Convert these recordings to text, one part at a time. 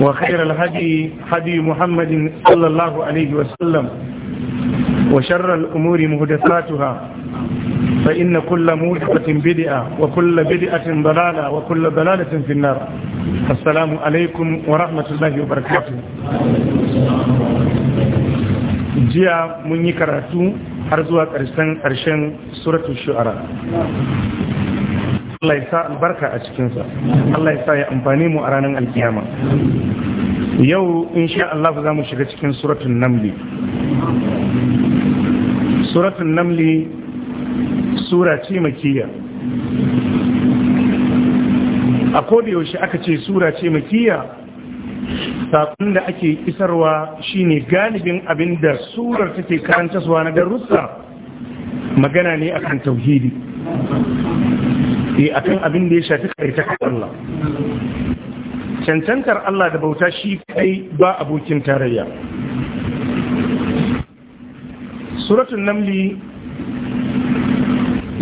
وخير الهدي هدي محمد صلى الله عليه وسلم وشر الأمور مهدفاتها فإن كل مهدفة بدئة وكل بدئة ضلالة وكل ضلالة في النار السلام عليكم ورحمة الله وبركاته جيا من يكراتو أرزوك أرسان أرشان سورة الشعراء Allah ya sa albarka a cikinsa Allah ya sa ya amfani mu a ranar alkiyama yau insha Allah za mu shiga cikin suratun namli suratun namli sura ce makiya a yaushe aka ce sura ce makiya saƙon da ake isarwa shine galibin abinda surar take karanta suwa na darussa magana ne akan tauhidi ne eh, a kan abin da ya shafi kaita Allah cancantar Allah da bauta shi kai ba abokin tarayya suratun namli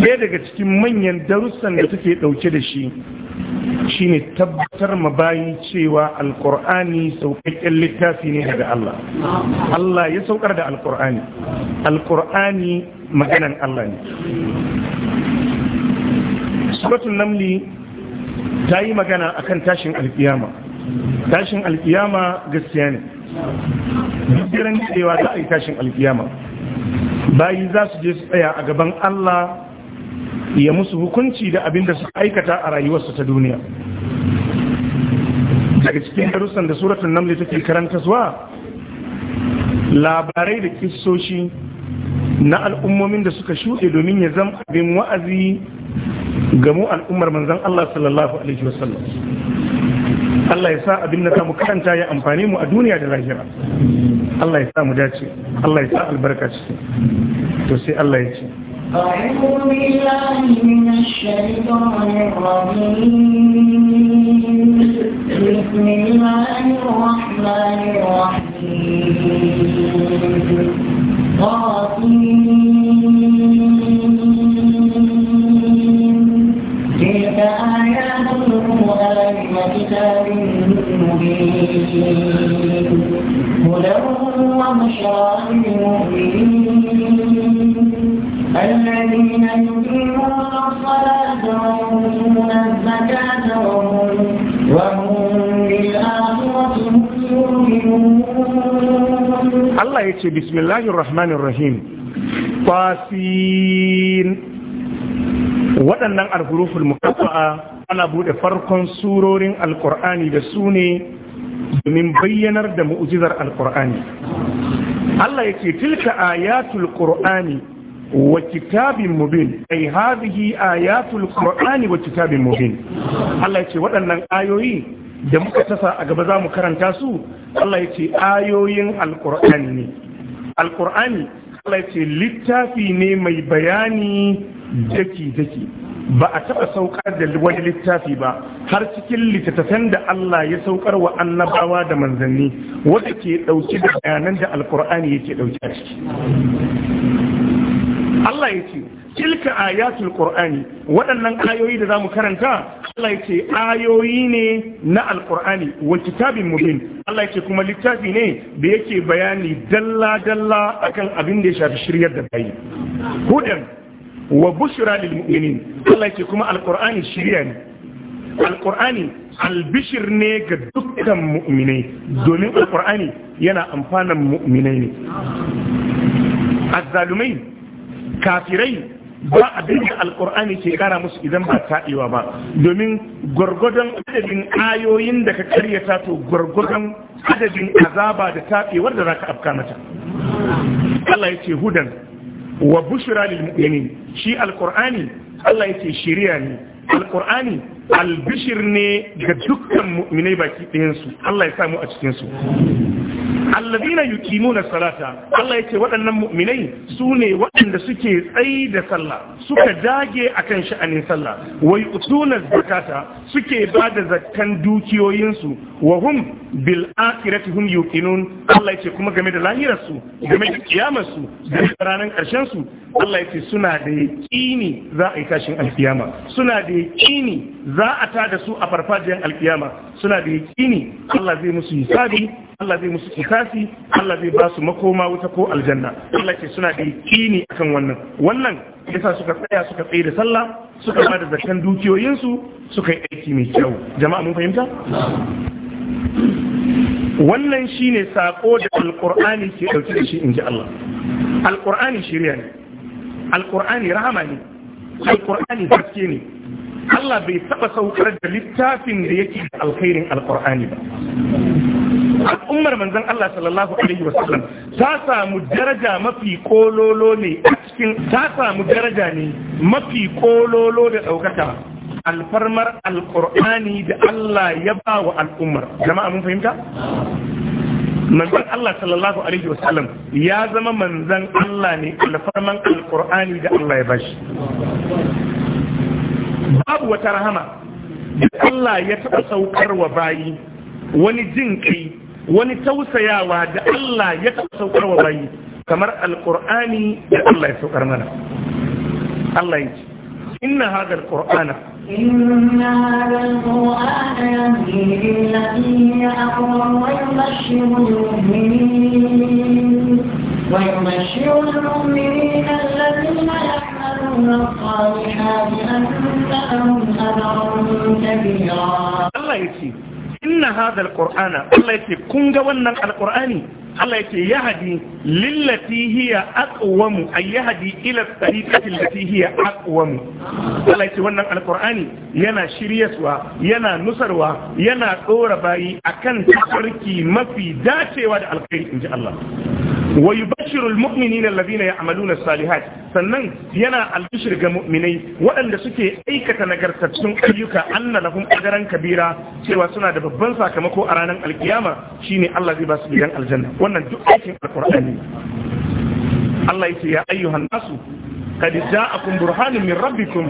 ɗaya daga cikin manyan darussan da suke ɗauke da shi shi ne tabbatar ma bayan cewa alkur'ani sauƙaƙƙen littafi ne daga Allah Allah ya saukar da alkur'ani alkur'ani maganan Allah ne suratul namli ta yi magana akan tashin alkiyama tashin alkiyama gaskiya ne dukkan cewa za a yi tashin alkiyama bayi za su je su tsaya a gaban Allah ya musu hukunci da abin da suka aikata a rayuwarsu ta duniya daga cikin darussan da suratun namli take karanta zuwa labarai da kissoshi na al'ummomin da suka shuɗe domin ya zama abin wa'azi ga mu al'ummar manzan, Allah sallallahu alaihi wasallam Allah ya sa abin da mu karanta ya amfani mu a duniya da lahira Allah ya sa mu dace Allah ya sa albarka ce to sai Allah ya ce أعوذ بالله من آيات القرآن وكتاب مبين هدى وبشرى الذين يقيمون الصلاة الزكاة وهم بالآخرة الله يقول بسم الله الرحمن الرحيم قاسين waɗannan alhuruful mukaffa'a ana bude farkon surorin alkur'ani da su ne domin bayyanar da mu'jizar alkur'ani Allah yake tilka ayatul qur'ani wa kitabin mubin ai hadhihi ayatul qur'ani wa kitabin mubin Allah yake waɗannan ayoyi da muka tasa a gaba za mu karanta su Allah yake ayoyin Alƙur'ani. ne alkur'ani Allah ce littafi ne mai bayani daki-daki ba a taɓa saukar da wani littafi ba har cikin littattafan da Allah ya saukar wa annabawa da manzanni wanda ke ɗauki da bayanan da alkur'ani yake ɗauki a ciki Allah ya ce tilka ayatul qur'ani waɗannan ayoyi da zamu karanta Allah yace ayoyi ne na alqur'ani wa kitabin mubin Allah yace kuma littafi ne da yake bayani dalla dalla akan abin da ya shafi shiryar da bayi hudan wa bushra lil mu'minin Allah yace kuma alqur'ani shiriya ne alqur'ani albishir ne ga dukkan mu'minai domin alqur'ani yana amfanan mu'minai ne azzalumai kafirai ba abin da alkur'ani ke kara musu idan ba taɗewa ba domin gwargwadon adadin ayoyin da ka karyata to gwargwadon adadin azaba da taɗewar da za ka afka mata Allah ya ce hudan wa bushra lil mu'minin shi alkur'ani Allah ya ce shiriya ne alkur'ani albishir ne ga dukkan mu'minai baki ɗayansu Allah ya samu a cikinsu allazina yuqimuna salata Allah yake waɗannan mu'minai su ne waɗanda suke tsayi da sallah suka dage akan sha'anin sallah wai utuna zakata suke ba da zakkan dukiyoyinsu wa hum bil akhirati hum yuqinun Allah yake kuma game da lahirarsu game da kiyamarsu da ranar ƙarshen su Allah yake suna da yaqini za a yi tashin alkiyama suna da yaqini za a ta da su a farfajiyar alkiyama suna da yakini Allah zai musu hisabi Allah zai musu kisasi Allah zai ba su makoma wuta ko aljanna Allah ke suna da yakini akan wannan wannan yasa suka tsaya suka tsaye da sallah suka ba da zakan dukiyoyinsu suka yi aiki mai kyau jama'a mun fahimta wannan shine sako da alqur'ani ke dauke da shi inji Allah alqur'ani shiriya ne alqur'ani rahama ne alqur'ani gaske ne Allah bai taba saukar da littafin da yake da alkhairin alqur'ani ba al'ummar manzan Allah sallallahu alaihi wasallam ta samu daraja mafi kololo ne a cikin ta samu daraja ne mafi kololo da daukaka alfarmar alqur'ani da Allah ya ba wa al'ummar jama'a mun fahimta Manzan Allah sallallahu alaihi wasallam ya zama manzan Allah ne alfarman alqur'ani da Allah ya bashi babu wata rahama da Allah ya taɓa saukar wa bayi wani jin kai wani tausayawa da Allah ya taɓa saukar wa bayi kamar alƙur'ani da Allah ya saukar mana Allah ya ce inna hada alƙur'ana إن هذا القرآن يهدي للتي هي أقوم ويبشر المؤمنين ويبشر المؤمنين الذين يحبون Allah ya ce, "Ina haɗar ƙor'ana, Allah "Kun ga wannan al’ur'ani?" Allah ya ce, "Ya haɗi, lillafi hiya aƙwamu, a yi haɗi ilar tsari ƙafin lati hiya aƙwamu." Allah ya "Wannan al’ur'ani yana shiryaswa, yana nusarwa, yana ɗora bayi a kan mafi dacewa da alkai in ji Allah. wa yubashshirul na alladhina ya'maluna as-salihat sannan yana albishir ga mu'minai waɗanda suke aikata nagartattun ayyuka anna lahum ajran kabira cewa suna da babban sakamako a ranar shi shine Allah zai ba su gidan aljanna wannan duk aikin alqur'ani Allah yace ya ayyuhan nasu قد جاءكم برهان min ربكم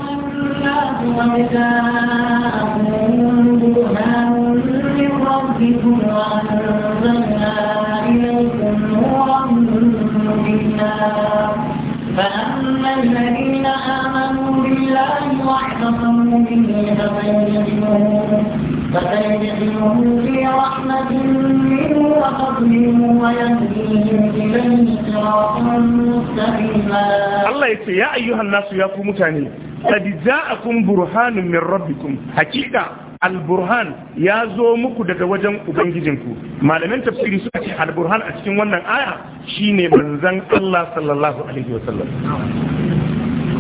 فسيدخلهم في رحمة منه وفضله ويهديهم إليه صراطا مستقيما الله يقول يا أيها الناس يا قوم تاني قد جاءكم برهان من ربكم حقيقة alburhan ya zo muku daga wajen ubangijinku malamin tafsiri suka ce alburhan a cikin wannan aya shine manzon Allah sallallahu alaihi wasallam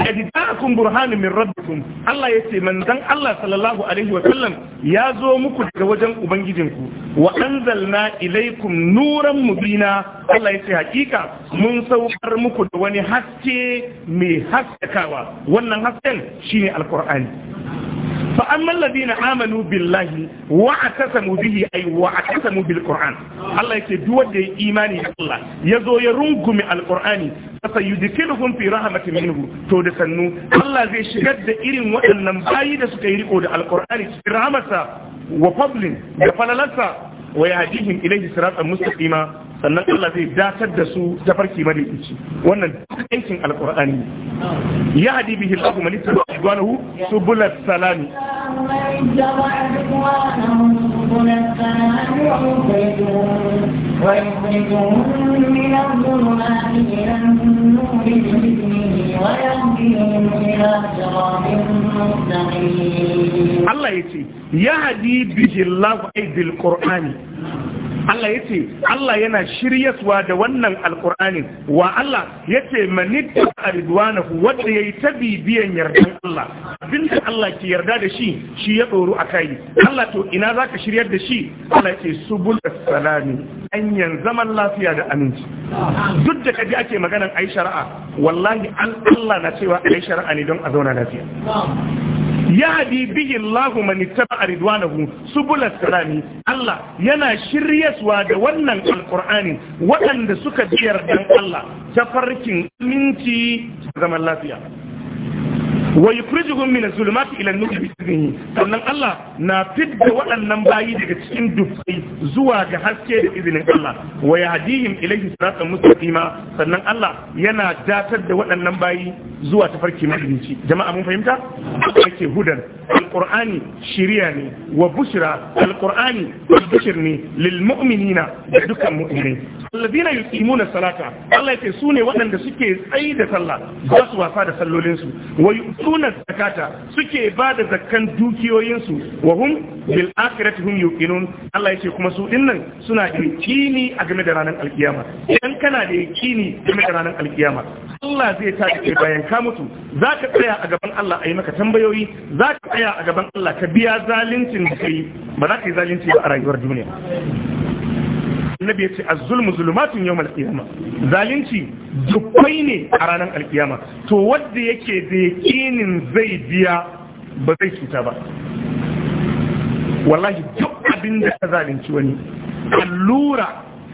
qad ja'akum min rabbikum Allah yace manzon Allah sallallahu alaihi wa sallam ya zo muku daga wajen ubangijinku wa anzalna ilaikum nuran mubina Allah yace hakika mun saukar muku da wani haske mai haskakawa wannan hasken shine alqur'ani fa amma alladhina amanu billahi wa atasamu bihi ay wa atasamu bil qur'an Allah yake duk wanda ya imani a Allah Ya zo ya rungumi alqur'ani fa yudkhiluhum fi rahmatin minhu to da sannu Allah zai shigar da irin waɗannan bayi da suka yi riko da alqur'ani cikin rahmatsa wa fadlin da falalarsa wa yahdihim ilayhi siratan mustaqima sannan Allah zai datar da su ta farki bari ici wannan aikin alqur'ani ya hadi bihi Allahu man ittaba ridwanahu subul salami ويخرجهم من الظلمات إلى النور بإذنه ويهديهم إلى صراط Allah yace Allah yana shiryaswa da wannan alqur'anin wa Allah yace manitta aridwanahu wanda yayi tabibiyan yardan Allah abinda Allah ke yarda da shi shi ya tsoro a akai Allah to ina zaka shiryar da shi Allah yace subul salami anyan zaman lafiya da aminci duk da kaji ake maganan ai shari'a wallahi Allah na cewa ai shari'a ne don a zauna lafiya yahdi bihi Allahu man ittaba ridwanahu subul salami Allah yana shiryaswa da wannan alqur'ani waɗanda suka biyar dan Allah tafarkin minti zaman lafiya wa yukhrijuhum min az-zulumati ila an-nur bi sannan Allah na fidda waɗannan bayi daga cikin dufai zuwa da haske da izinin Allah wa yahdihim ilayhi siratan mustaqima sannan Allah yana datar da waɗannan bayi zuwa tafarkin madinci jama'a mun fahimta yake hudan alqur'ani shiriya ne wa bushra alqur'ani bushir ne lil mu'minina da dukkan mu'minai alladhina yuqimuna salata Allah yake sune waɗanda suke tsai da sallah ba su wasa da sallolin Sunan zakata suke ba da zakkan dukiyoyinsu wa hum bil akhirati hum yuqinun Allah yace kuma su dinnan suna da yakini a game da ranar alkiyama idan kana da yakini game da ranar alkiyama Allah zai ta kai bayan ka mutu zaka tsaya a gaban Allah yi maka tambayoyi ka tsaya a gaban Allah ka biya zaluncin da kai ba za ka yi zalunci ba a rayuwar duniya annabi ya ce az-zulmu zulumatun yawm al-qiyama zalunci dukkai ne a ranar alkiyama to wanda yake da yakinin zai biya ba zai cuta ba wallahi duk abinda ka zalunci wani allura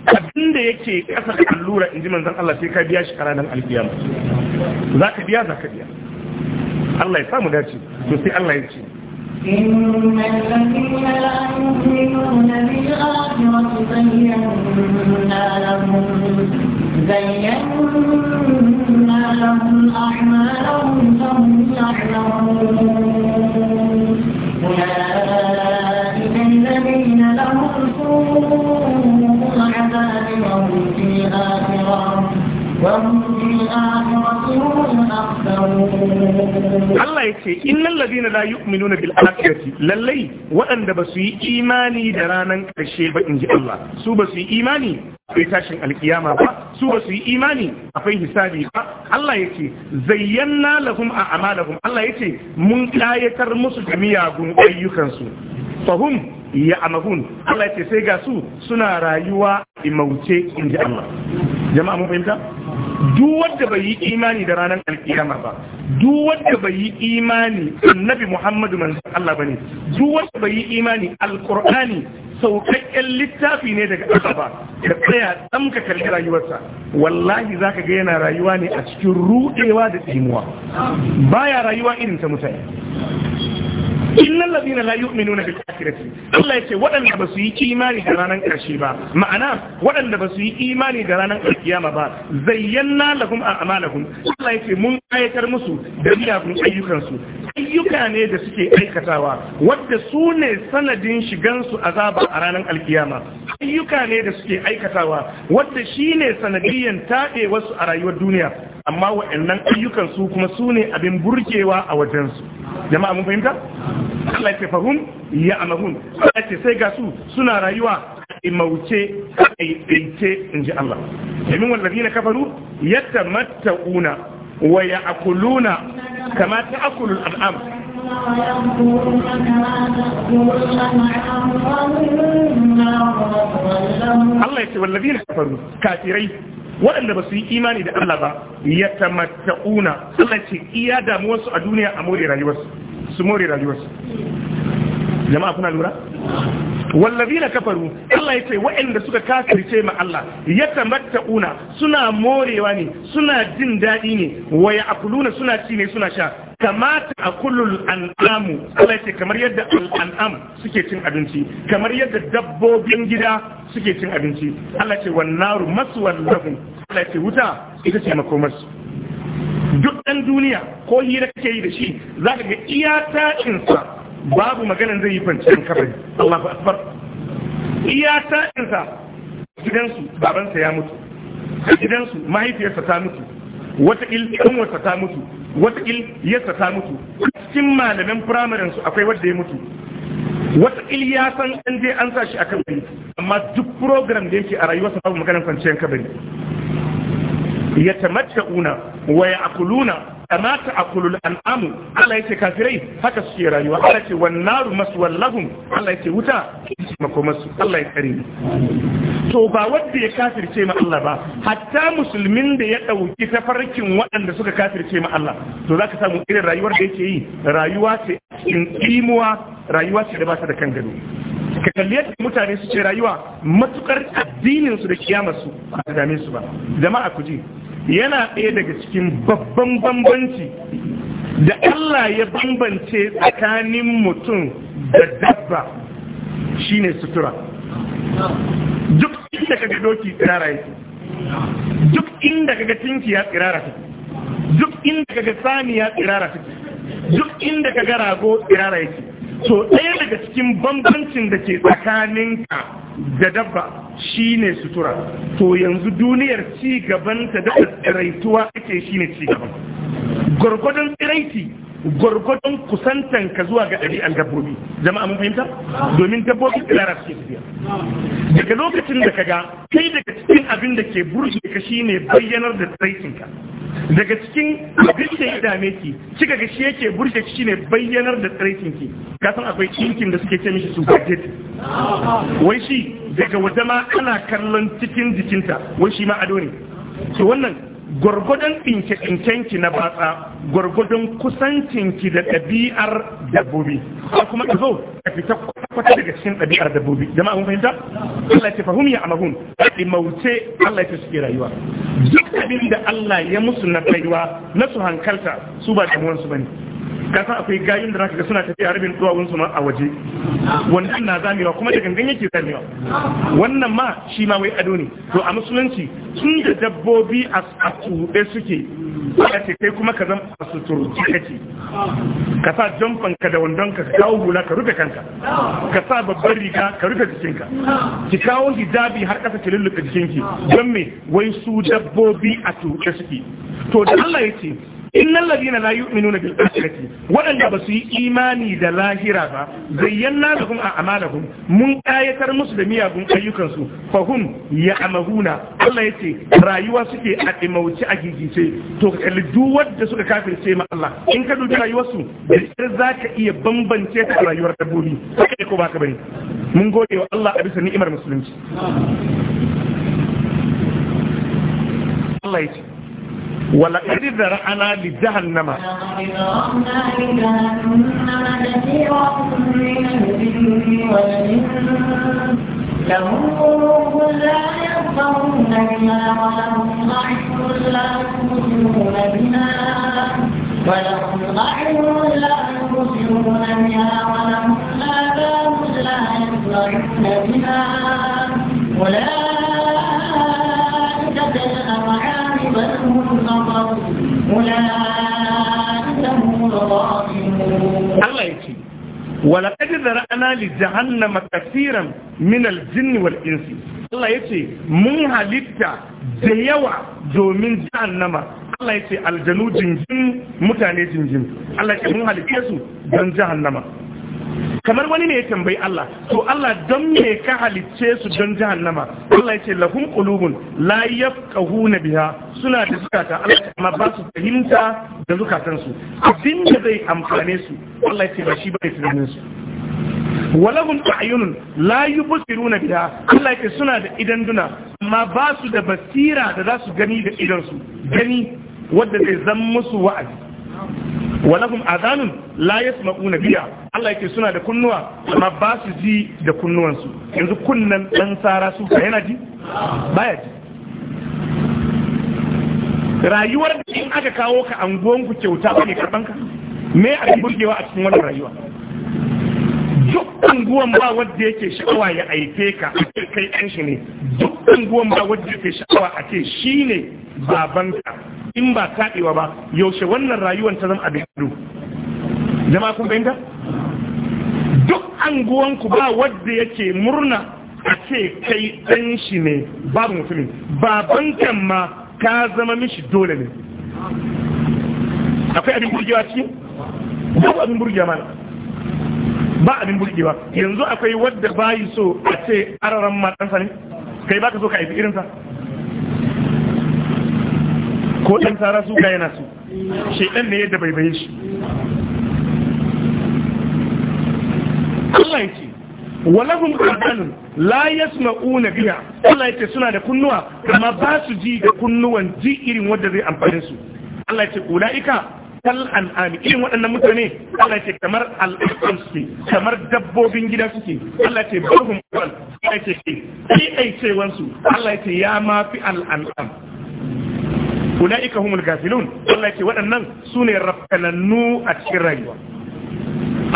abinda yake kasa allura in ji manzon Allah sai ka biya shi a ranar alkiyama za ka biya za ka biya Allah ya samu dace to sai Allah ya ce إن الذين لا يؤمنون بالآخرة زينا لهم زينا لهم أعمالهم فهم يعلمون أولئك الذين لهم سوء العذاب في الآخرة Allah ya ce innal ladina la yu'minuna bil akhirati lallai waɗanda ba su yi imani da ranan ƙarshe ba inji Allah su ba su yi imani akwai tashin alkiyama ba su ba su yi imani akwai hisabi ba Allah ya ce zayyana lahum a'malahum Allah ya ce mun kayatar musu da miyagun ayyukansu fahum ya amahun Allah ce sai ga su suna rayuwa imauce in ji Allah jama'a mun fahimta duk wanda bai yi imani da ranar alkiyama ba duk wanda bai yi imani annabi Muhammadu manzon Allah bane duk wanda bai yi imani alqur'ani saukakken littafi ne daga Allah ba ka tsaya tsamka kalli rayuwarsa wallahi zaka ga yana rayuwa ne a cikin rudewa da tsimuwa baya rayuwa irin ta mutane innal ladina la yu'minuna bil akhirati Allah yace waɗanda ba su yi imani da ranar ƙarshe ba ma'ana waɗanda ba su yi imani da ranar alkiyama ba zayyana lahum a'malahum Allah yace mun ayatar musu da miyagun ayyukan su ayyuka ne da suke aikatawa wadda su ne sanadin shigansu azaba a ranar alkiyama ayyuka ne da suke aikatawa wadda shi ne sanadiyan taɗe wasu a rayuwar duniya amma wa'annan ayyukan su kuma su ne abin burkewa a wajensu jama'a mun fahimta Allah ya fahum ya amahun Allah ce sai ga su suna rayuwa a mauce a ɗince in ji Allah domin wallafi na kafaru yadda matta'una wa ya'kuluna kama ta'kulul al'am Allah ya ce wallazi na kafaru kafirai waɗanda ba su yi imani da Allah ba ya tamatta'una Allah ce iya damuwarsu a duniya a more rayuwarsu su more rayuwarsu jama'a kuna lura wallazi na kafaru Allah ya ce waɗanda suka kafirce ma Allah yatamattauna suna morewa ne suna jin daɗi ne wa ya akuluna suna ci ne suna sha kamata a kullul amu. Allah ce kamar yadda al'an'am suke cin abinci kamar yadda dabbobin gida suke cin abinci Allah ce wannaru masu wallahu Allah ce wuta ita ce makomarsu duk ɗan duniya ko hira kake yi da shi za ka ga iya ta'insa babu maganan zai yi kwanciyar kabari Allahu akbar iya sa'insa gidansu babansa ya mutu gidansu mahaifiyarsa ta mutu wata il kanwarsa ta mutu wata il ta mutu cikin malamin firamarin su akwai wanda ya mutu wata il ya san an je an sa shi a kabari amma duk program da yake a rayuwarsa babu maganan kwanciyar kabari yatamatta'una wa ya'kuluna kama ta akulul al'amu, Allah yace kafirai haka suke rayuwa Allah yace wan naru maswal Allah ce wuta masu, Allah ya kare to ba wanda ya kafirce ma Allah ba hatta musulmin da ya dauki tafarkin waɗanda suka kafirce ma Allah to zaka samu irin rayuwar da yake yi rayuwa ce cikin imuwa rayuwa ce da ba ta da kan gado ka kalli yadda mutane su ce rayuwa matukar addinin su da su ba ta dame su ba jama'a ku ji yana ɗaya daga cikin babban bambanci da Allah ya bambance tsakanin mutum da dabba shine sutura duk inda kaga doki tsirara yake duk inda kaga tinki ya tsirara take duk inda kaga sani ya tsirara take duk inda kaga rago tsirara yake to ɗaya daga cikin bambancin da ke tsakaninka da dabba shine sutura to yanzu duniyar ci gaban da tsiraituwa ake shine ci gaban gwargwadon tsiraiti gwargwadon kusantan ka zuwa ga ɗari dabbobi jama'a mun fahimta domin dabbobi tsirara suke tafiya daga lokacin da ka ga kai daga cikin abin da ke burge ka shine bayyanar da tsiraitinka daga cikin abin da ya dame ki kika ga shi yake burge ki shine bayyanar da tsaraitin ki ka san akwai kinkin da suke ce mishi superjet wai shi daga waje ma ana kallon cikin jikinta wai shi ma ado ne to wannan gwargwadon ɗinke tsinkenki na batsa gwargwadon kusancinki da ɗabi'ar dabbobi ko kuma ka zo ka fita kwata daga cikin ɗabi'ar dabbobi jama'a mun fahimta Allah ya fahimi ya amahun da mauce Allah ya suke rayuwa duk abin da Allah ya musu na rayuwa na su hankalta su ba damuwar su ne. kasa akwai gayin da zaka ga suna tafiya rabin duwawun su a waje wannan na zamewa kuma da gangan yake zamewa wannan ma shi ma wai ado ne to a musulunci sun da dabbobi a tsuɗe suke a ce kai kuma ka zama a kake ka sa jamfan ka da wandon ka kawo hula ka rufe kanka ka sa babbar riga ka rufe jikinka ki kawo hijabi har kasa ki jikin jikinki don me wai su dabbobi a tuke suke to da Allah ya innal ladina la yu'minuna bil akhirati wadanda basu yi imani da lahira ba zayyana lahum a'malahum mun ayatar musu da miyagun ayyukan su fa hum ya'mahuna Allah yace rayuwa suke a dimauci a gigice to ka kalli duk wanda suka kafirce ma Allah in ka dubi rayuwar su da zaka iya bambance ta rayuwar dabbobi kai ko baka bane mun gode wa Allah a bisa ni'imar musulunci Allah yace ولا إذا ذرأنا لجهنم لهم لا يرضون بها ولهم لا يبصرون بها ولهم لا يبصرون بها ولهم لا يسمعون بها أولئك Allah ya ce, Wala da ra'ana li jahannama kasiran min aljin wal insi. Allah ya ce, Mun halitta da yawa domin jahannama. Allah ya ce, Aljanu jinjin mutane jinjin. Allah ya ce, Mun halitta su don jahannama. kamar wani ne ya tambayi Allah to Allah don me ka halicce su don jahannama Allah ya ce lahum qulubun la yafqahuna biha suna da zukata Allah amma ba su fahimta da zukatan su abin da zai amfane su Allah ya ce ba shi bane tunanin su walahum ayunun la yubsiruna biha Allah ya ce suna da idan duna amma ba su da basira da za su gani da idan su gani wanda zai zama musu wa'azi walahum azanun la yasma'una biya Allah yake suna da kunnuwa amma ba su ji da kunnuwansu yanzu kunnan dan sara su yana ji baya ji rayuwar da in aka kawo ka ku kyauta ne karban ka me a burgewa a cikin wannan rayuwa duk unguwan ba wadda yake sha'awa ya aike ka kai ɗan shi ne duk unguwan ba wadda yake sha'awa a ce shi ne babanka in ba kaɗewa ba yaushe wannan rayuwar ta zama abin ado jama'a kun bayanta duk ku ba wadda yake murna a ce kai ɗan shi ne babu mutumin babankan ma ka zama mishi dole ne akwai abin burgewa ciki? babu abin burgewa mana ba abin burgewa yanzu akwai wadda bayi so a ce araran matansa ne kai baka so ka haifi irinsa ko ɗan su suka yana su shaidan ne yadda baibaye shi Allah yake walahum adanun la yasma'una biha Allah yake suna da kunnuwa amma ba su ji da kunnuwan ji irin wanda zai amfane su Allah yake ulaika kal an'ami irin waɗannan mutane Allah ce kamar al'adun suke kamar dabbobin gida suke Allah ce barhum wal Allah ce ke aicewan su Allah ce ya ma fi al'an'am ulaika humul gafilun Allah ce waɗannan sune rafkanannu a cikin rayuwa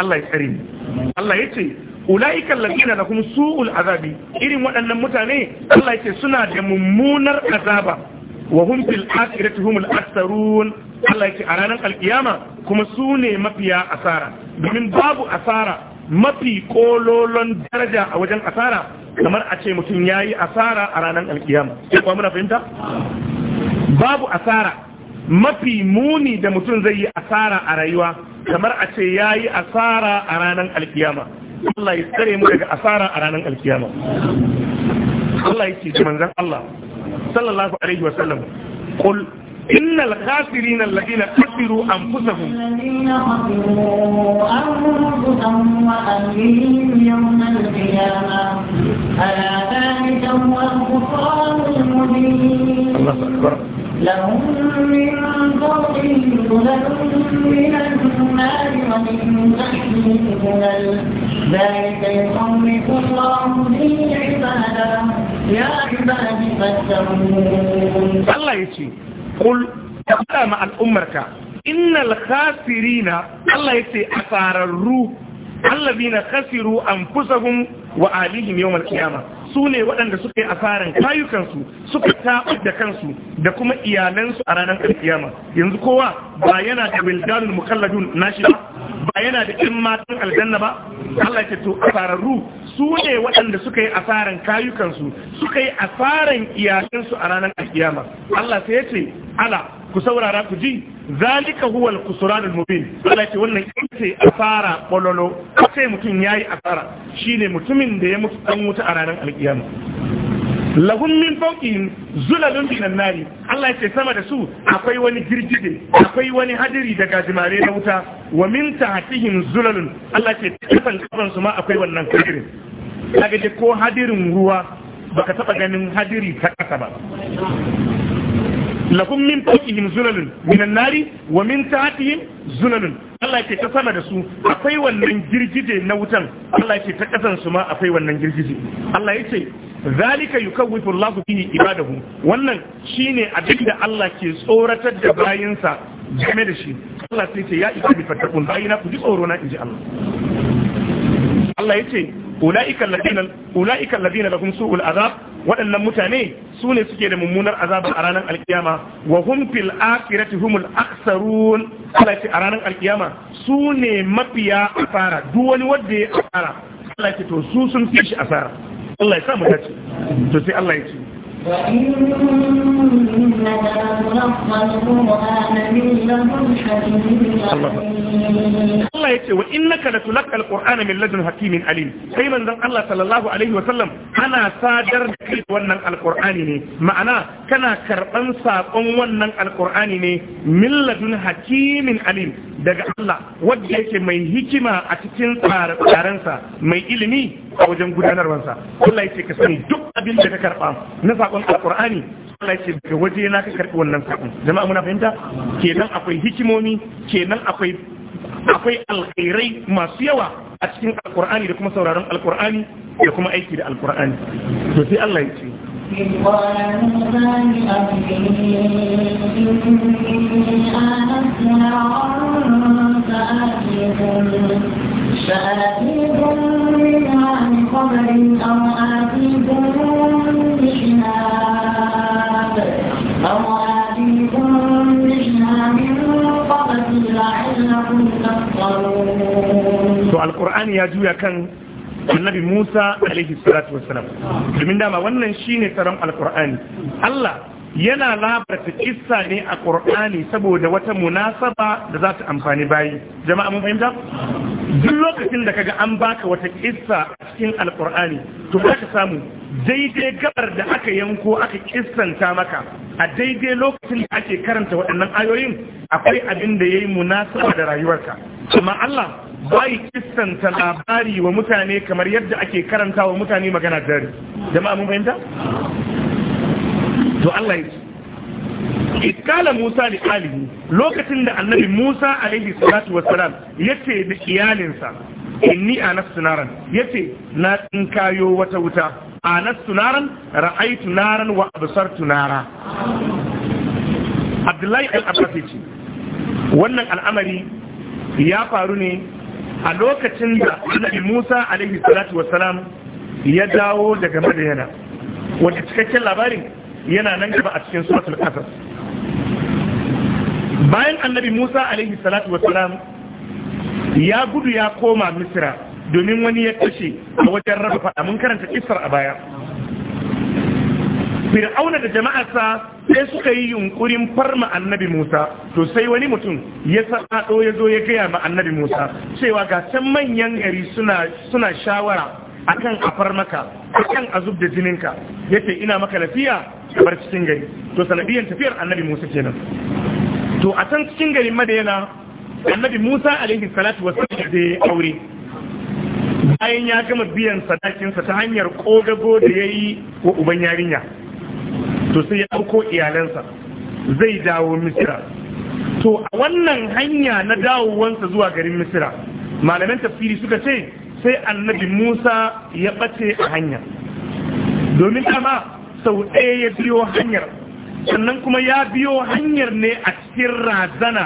Allah ya tsare Allah ya ce ulaikan lalina da kuma su'ul azabi irin waɗannan mutane Allah ya ce suna da mummunar azaba wa hum fil akhirati humul aktharun Allah yake a ranar alkiyama kuma su ne mafiya asara domin babu asara mafi kololon daraja a wajen asara kamar a ce mutum yayi asara a ranar alkiyama sai kuma muna fahimta babu asara mafi muni da mutum zai yi asara a rayuwa kamar a ce yayi asara a ranar alkiyama Allah ya tsare mu daga asara a ranar alkiyama Allah ya ce manzon Allah صلى الله عليه وسلم قل إن الخاسرين الذين كفروا أنفسهم الذين أنفسهم يوم القيامة ألا ذلك هو المبين الله أكبر لهم من فوقهم ظلل من النار ومن تحتهم ظلل ذلك يخوف الله عباده Allah ya ce, Kul, ka faɗa ma al'ummarka, innal na Allah ya ce, a asararru, allazina khasiru anfusahum wa alihim yawmal qiyamah su ne waɗanda suka yi asaran kayukansu suka taɓa da kansu da kuma iyalansu a ranar kiyama yanzu kowa ba yana da wildanul mukallafun nashi ba ba yana da ƙin matan aljanna ba Allah ya ce to asararru su ne waɗanda suka yi asarar kayukansu suka yi asarar iyalinsu a ranar alkiyama Allah sai ya ce ala ku saurara ku ji zalika huwal kusuranul mubin Allah ce wannan ce asara bololo sai mutum yayi asara shine mutumin da ya mutu dan wuta a ranar alkiyama lahum min fawqihim zulalun minan nar Allah yace sama da su akwai wani girgide akwai wani hadiri daga jimare na wuta wa min tahtihim zulalun Allah yace kafan kafan su ma akwai wannan hadirin kaga ko hadirin ruwa baka taba ganin hadiri ta kasa ba lakum min fawqihim zulalun an nari wa min tahtihim zulalun Allah ce ta sama da su akwai wannan girgije na wutan Allah ce ta kasan su ma akwai wannan girgije Allah yace zalika yukawwifu Allah bihi ibadahu wannan shine abin da Allah ke tsoratar da bayinsa game da shi Allah sai ce ya ibadi fatakun bayina ku ji tsoro na inji Allah Allah ya ce ula'ika alladina ula'ika alladina su su'ul azab waɗannan mutane su ne suke da mummunar azaba a ranar alkiyama wa hum fil akhirati humul aksarun Allah ce a ranar alkiyama su ne mafiya asara duk wani wanda ya asara Allah ya ce to su sun fi shi asara Allah ya sa mu dace to sai Allah ya ce Allah ya ce wa innaka la tulqa alqur'ana min ladun hakimin alim sai manzon Allah sallallahu alaihi wa sallam ana sadar da kai wannan alqur'ani ne ma'ana kana karban sakon wannan alqur'ani ne min ladun hakimin alim daga Allah wanda yake mai hikima a cikin tsare-tsarensa mai ilimi a wajen gudanarwansa Allah ya ce ka sani duk abin da ka karɓa na sakon alƙur'ani Allah ya ce daga waje na ka karɓi wannan saƙon jama'a muna fahimta kenan akwai hikimomi kenan akwai akwai alƙairai masu yawa a cikin alƙur'ani da kuma sauraron alƙur'ani da kuma aiki da alƙur'ani to sai Allah ya ce إذ قال موسى آنست فآتيكم فآتيكم أو آتيكم بشهاب أو آتيكم بشهاب القرآن يجوز كان annabi Musa alaihi salatu wassalam domin dama wannan shine tsaron alqur'ani Allah yana labarta kissa ne a qur'ani saboda wata munasaba da za ta amfani bayi jama'a mun fahimta duk lokacin da kaga an baka wata kissa a cikin alqur'ani to ka samu daidai gabar da aka yanko aka kissanta maka a daidai lokacin da ake karanta waɗannan ayoyin akwai abin da yayi munasaba da rayuwarka amma Allah bai kistanta labari wa mutane kamar yadda ake karanta wa mutane magana dare jama'a mun fahimta to Allah ya kala Musa da alihi lokacin da annabi Musa alaihi salatu wassalam yace da iyalinsa inni anastu naran yace na kayo wata wuta anastu naran ra'aitu naran wa absartu nara Abdullahi al-Abbasi wannan al'amari ya faru ne a lokacin da annabi Musa alaihi salatu wassalam ya dawo daga Madina wanda cikakken labarin yana nan gaba a cikin suratul qasas bayan annabi Musa alaihi salatu wassalam ya gudu ya koma Misra domin wani ya kashe a wajen raba fada mun karanta kissar a baya fir'auna da jama'arsa sai suka yi yunkurin farma annabi musa to sai wani mutum ya saado ya zo ya gaya ma annabi musa cewa ga can manyan gari suna suna shawara akan a farmaka akan a zub da jininka ce ina maka lafiya bar cikin gari to sanadiyan tafiyar annabi musa kenan to a can cikin garin yana annabi musa alaihi salatu wasallam da ya aure bayan ya gama biyan sadakinsa ta hanyar kogago da ya yi wa uban yarinya to sai ya ɗauko iyalansa zai dawo misira to a wannan hanya na dawowansa zuwa garin misira malaman tafsiri suka ce sai annabi musa ya ɓace a hanya domin dama sau ɗaya ya biyo hanyar sannan kuma ya biyo hanyar ne a cikin razana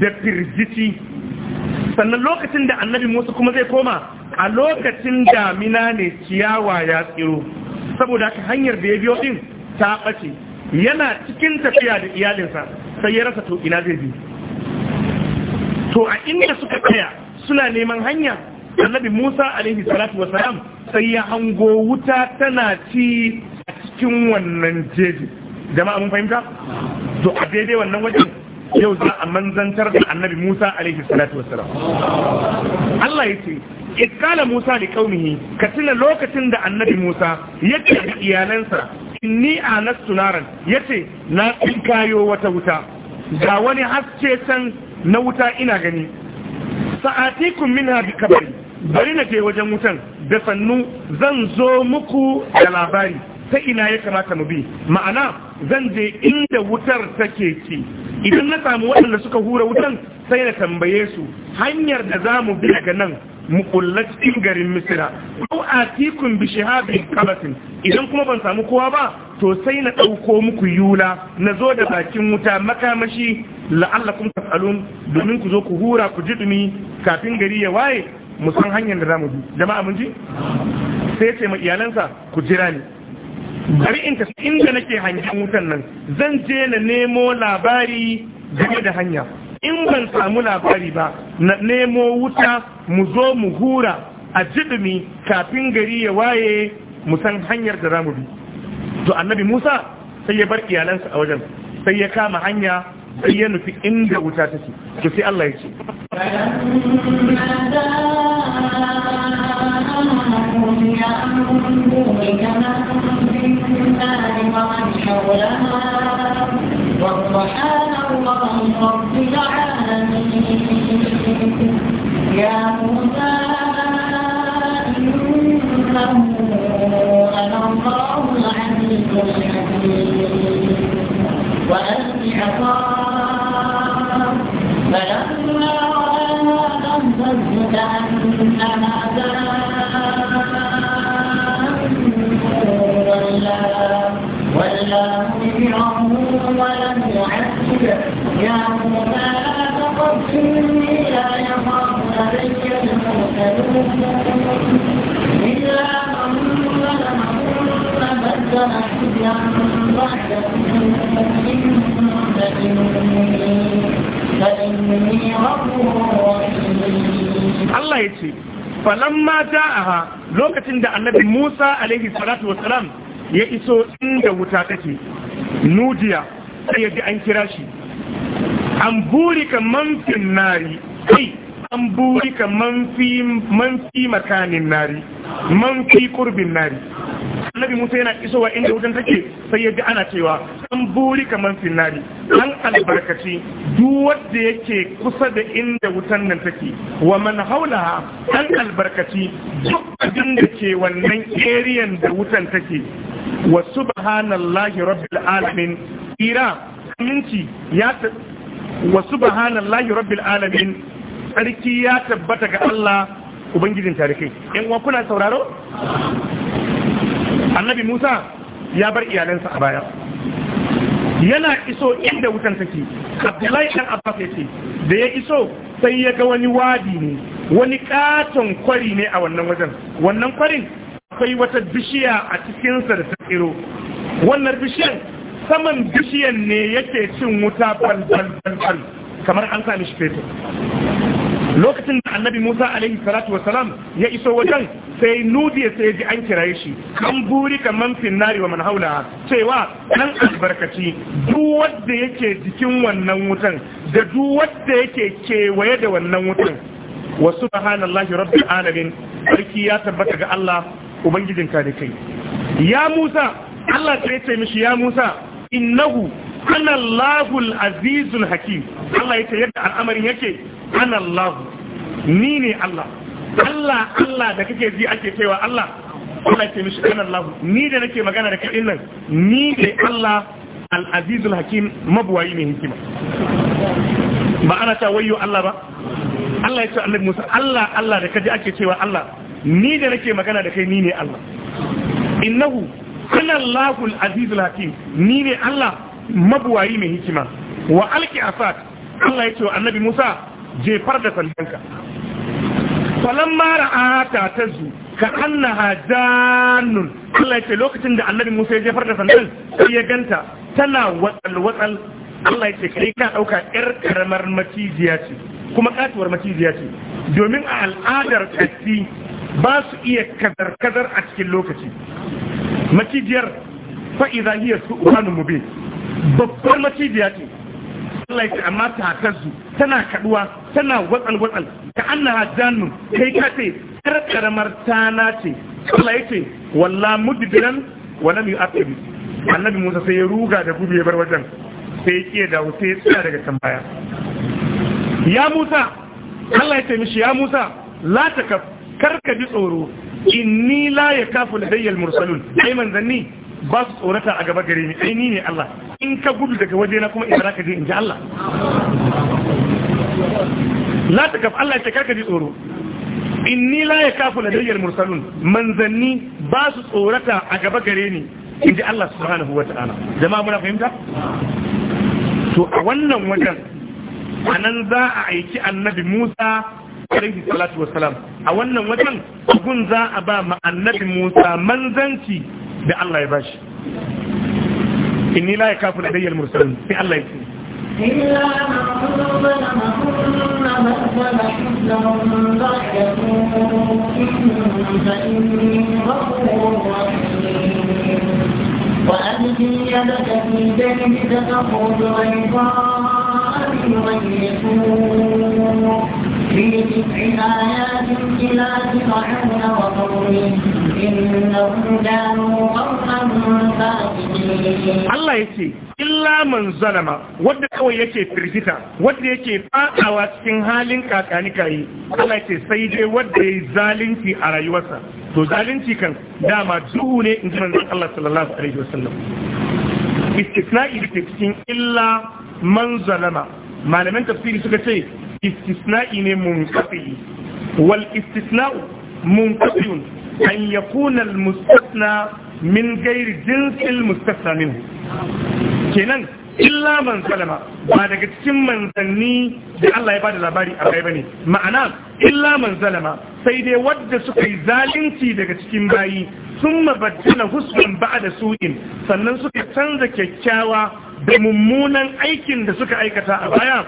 da firgici sannan lokacin da annabi musa kuma zai koma a lokacin damina ne ciyawa ya tsiro saboda hanyar da ya biyo din ta ɓace yana cikin tafiya da iyalinsa sai ya rasa to ina zai bi to a inda suka tsaya suna neman hanya annabi Musa alaihi salatu wasalam sai ya hango wuta tana ci a cikin wannan jeji jama'a mun fahimta to a daidai wannan wajen yau za a manzantar da annabi Musa alaihi salatu wasalam Allah ya ce ikala Musa da kaumihi ka tuna lokacin da annabi Musa ya ce iyalansa inni anastu naran yace na kayo wata wuta ga wani haske can na wuta ina gani sa'atikum min bi kabari bari na je wajen wutan da sannu zan zo muku da labari Sai ina ya kamata mu bi ma'ana zan je inda wutar take ki idan na samu waɗanda suka hura wutan sai na tambaye su hanyar da za mu bi daga nan mu kulla cikin garin misira ko a tikun bi shahabin kabatin idan kuma ban samu kowa ba to sai na ɗauko muku yula na zo da bakin wuta makamashi la'allakun tas'alun domin ku zo ku hura ku ji dumi kafin gari ya waye mu san hanyar da za mu bi jama'a mun ji sai ce ma iyalansa ku jira ni bari in tafi inda nake hangen wutan nan zan je na nemo labari game da hanya in ban samu labari ba na nemo wuta mu zo mu hura a jidumi kafin gari ya waye mu san hanyar da za mu bi to annabi musa sai ya bar iyalansa a wajen sai ya kama hanya sai ya nufi inda wuta take to sai allah ya ce يا Allah ya ce, "Falan mata aha lokacin da annabi Musa alaihi salatu wasalam ya iso inda wuta take, Nudiya sai ya ji an kira shi, an burika manfin nari, sai an burika manfi makanin nari. man fi qurbin nari annabi Musa yana isowa inda wutan take sai ya ji ana cewa an buri kaman finnari an albarkaci duk wanda yake kusa da inda wutan nan take wa man haulaha an albarkaci duk abin da ke wannan eriyan da wutan take wa subhanallahi rabbil alamin ira aminci ya wa subhanallahi rabbil alamin sarki ya tabbata ga Allah ubangijin tarihi. yan uwa kuna sauraro annabi musa ya bar iyalansa a baya yana iso inda wutan take abdullahi ɗan abbas ce, da ya iso sai ya ga wani wadi ne wani katon kwari ne a wannan wajen wannan kwarin akwai wata bishiya a cikinsa da ta tsiro wannan bishiyan saman bishiyan ne yake cin wuta bal-bal-bal-bal kamar an sami shi fetur lokacin da annabi musa alaihi salatu wasalam ya iso wajen sai ya sai ji an kiraye shi kan buri man finnari wa man haula cewa kan albarkaci duk wanda yake jikin wannan wutan da duk wanda yake kewaye da wannan wutan wa subhanallahi rabbil alamin sarki ya tabbata ga Allah ubangijinka da kai ya musa Allah sai ya ce mishi ya musa innahu ana lahul azizul hakim Allah yake yadda al'amarin yake ana lahu ni ne Allah Allah Allah da kake ji ake cewa Allah Allah ke mishi ana lahu ni da nake magana da kai nan ni ne Allah al-azizul hakim mabuwayi mai hikima ba ana ta wayo Allah ba Allah ya ce Allah Musa Allah Allah da kaji ake cewa Allah ni da nake magana da kai ni ne Allah innahu kana Allahul azizul hakim ni ne Allah mabuwayi mai hikima wa alki asad Allah ya ce wa annabi Musa jefar da sandanka mara ra'ata tazu ka annaha jannun Allah ya ce lokacin da annabi Musa ya jefar da sandan sai ya ganta tana watsal watsal Allah ya ce kai ka dauka yar karamar macijiyaci, ce kuma katuwar macijiyaci. ce domin a al'adar kasi ba su iya kadar kadar a cikin lokaci macijiyar fa'iza hiya su mubin babbar macibiya ce Allah ya ce amma ta hatarsu tana kaduwa tana watsal watsal ka na jannu kai ka ce karamar tana ce Allah ya ce walla mudbiran wala mai yu'aqib annabi Musa sai ya ruga da gudu ya bar wajen sai ya kiyar dawo sai ya tsaya daga can baya ya Musa Allah ya ce mishi ya Musa la takaf kar ka ji tsoro inni la kafu lahayyal mursalun ai manzanni ba su tsorata a gaba gare ni ai ni ne Allah in ka gudu daga waje na kuma ina ka je in ji Allah la ta kaf Allah ta karka ji tsoro inni la ya kafu ladayyar mursalun manzanni ba su tsorata a gaba gare ni in ji Allah subhanahu wa ta'ala jama'a muna fahimta to a wannan wajen a nan za a aiki annabi Musa alaihi salatu wassalam a wannan wajen gun za a ba ma annabi Musa manzanci da Allah ya bashi inni la yakafu ladayya al-mursalun sai Allah ya ce إلا من ظلم ثم فإني غفور رحيم يدك في allah ya ce illa man zalama wadda kawai yake firgita wadda yake faɗawa cikin halin kakani kayi Allah ce sai dai ya yayi zalunci a rayuwarsa to zalunci kan dama duhu ne in ji manzan Allah sallallahu alaihi wasallam istisna'i da cikin illa man zalama malamin tafsiri suka ce istisna'i ne munqati wal istisna'u munqatiun an yakuna al mustasna min ghairi jinsil mustasna minhu kenan illa man salama ba daga cikin manzanni da Allah ya bada labari a bai bane ma'ana illa man salama sai dai wadda suka yi zalunci daga cikin bayi sun mabaddala ba'a da su'in sannan suka canza kyakkyawa da mummunan aikin da suka aikata a baya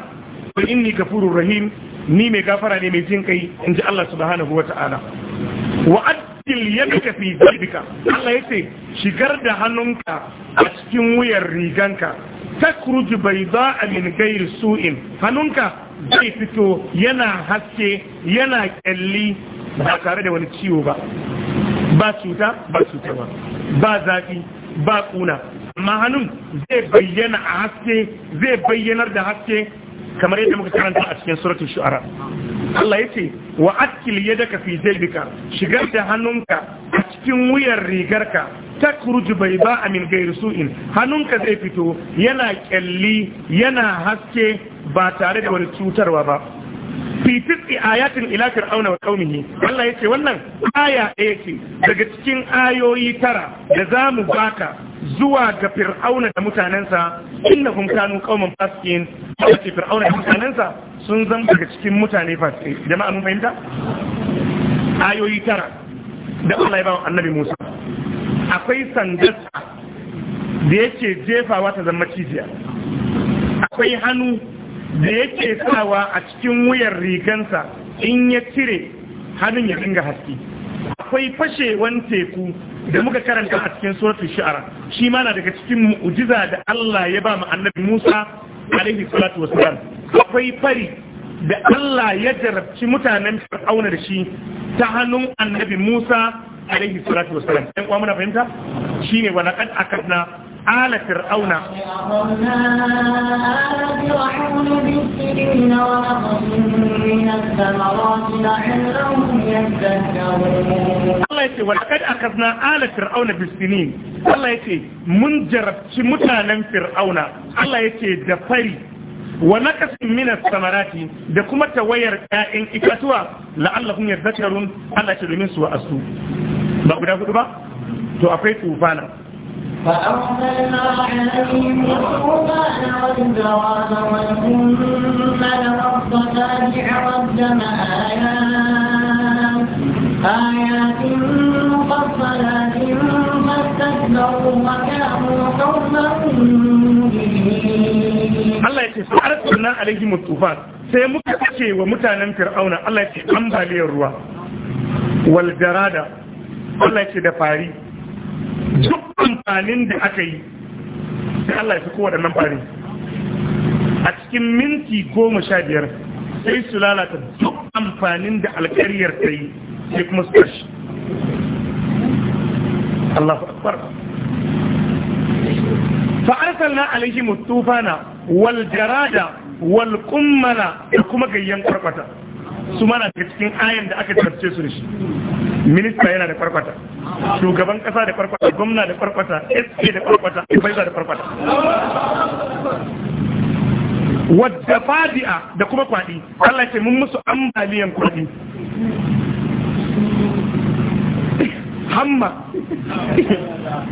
wa inni kafurur rahim ni mai gafara ne mai jin kai in ji Allah subhanahu wa ta'ala wa addil yadda fi jibika Allah yace shigar da hannunka a cikin wuyar riganka takruju bayda'a min ghairi su'in hannunka zai fito yana haske yana ƙyalli. ba tare da wani ciwo ba ba cuta ba cuta ba ba zafi ba kuna amma hannun zai bayyana a haske zai bayyanar da haske kamar yadda muka karanta a cikin suratul shu'ara Allah yace wa atkil yadaka fi jalbika shigar da hannunka a cikin wuyar rigarka takruju bayda min ghairi su'in hannunka zai fito yana kyalli yana haske ba tare da wani cutarwa ba a ayatin ila fir'auna wa qaumihi Allah ce wannan aya ɗaya ce daga cikin ayoyi tara da za mu baka zuwa ga fir'auna da mutanensa innahum kanu qauman fasikin ce fir'auna da mutanensa sun zama daga cikin mutane fasiki jama'a mun fahimta ayoyi tara da Allah ya ba annabi Musa akwai sandarsa da yake jefawa ta zama cijiya akwai hannu da yake sawa a cikin wuyar rigansa in ya cire hannun ya dinga haske akwai fashewan teku da muka karanta a cikin suratul shi'ara shi ma na daga cikin mu'jiza da Allah ya ba mu annabi Musa alaihi salatu wassalam akwai fari da Allah ya jarabci mutanen Fir'auna da shi ta hannun annabi Musa alaihi salatu wassalam ɗan uwa muna fahimta shi ne wa laqad akadna آل فرعون Allah ya ce walakad akazna ala fir'auna bisinin Allah ya ce mun jarabci mutanen fir'auna Allah ya ce da fari wa naqasin min samarati da kuma tawayar ya'yan itatuwa la'allahum yadhakkarun Allah ya domin su wa asu ba guda hudu ba to akwai tufana فأرسلنا عليهم الطوفان والجراد والكمل والضفادع والدم آيات آيات مفصلات فاستكبروا وكانوا قوما Allah ya ce su arzikin nan alaihim tufan sai muka kace wa mutanen fir'auna Allah ya ce ambaliyar ruwa wal jarada Allah ya ce da fari duk amfanin da aka yi sai Allah ya fi kowaɗannan fari a cikin minti goma sha biyar sai su lalata duk amfanin da alkariyar ta yi sai kuma su tashi Allahu akbar fa arsalna alaihim tufana wal jarada wal kummala da kuma gayyan kwarkwata su mana daga cikin ayan da aka tarce su da shi minista yana da kwarkwata shugaban kasa da kwarkwata gwamna da kwarkwata sp da kwarkwata ibaisa da kwarkwata wadda fadi'a da kuma kwaɗi Allah ce mun musu ambaliyan kwaɗi hamma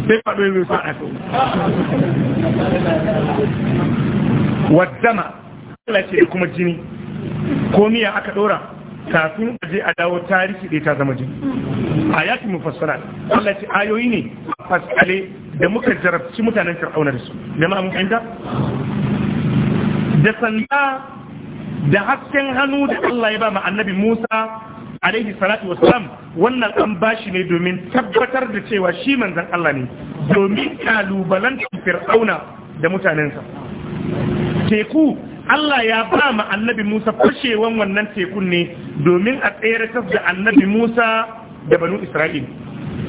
sai faɗo yanzu a wadda ma Allah ce kuma jini ko miya aka ɗora kafin a je a dawo tarihi ɗaya ta zama jini a yakin mufassara Allah ce ayoyi ne fasale da muka jarabci mutanen fir'auna da su ma mun fahimta da sanda da hasken hannu da Allah ya ba ma annabi Musa alaihi salatu salam wannan an bashi ne domin tabbatar da cewa shi manzon Allah ne domin kalubalantar fir'auna da mutanensa teku Allah ya ba ma annabi Musa fashewan wannan tekun ne domin a tsere tas da annabi Musa da banu Isra'il.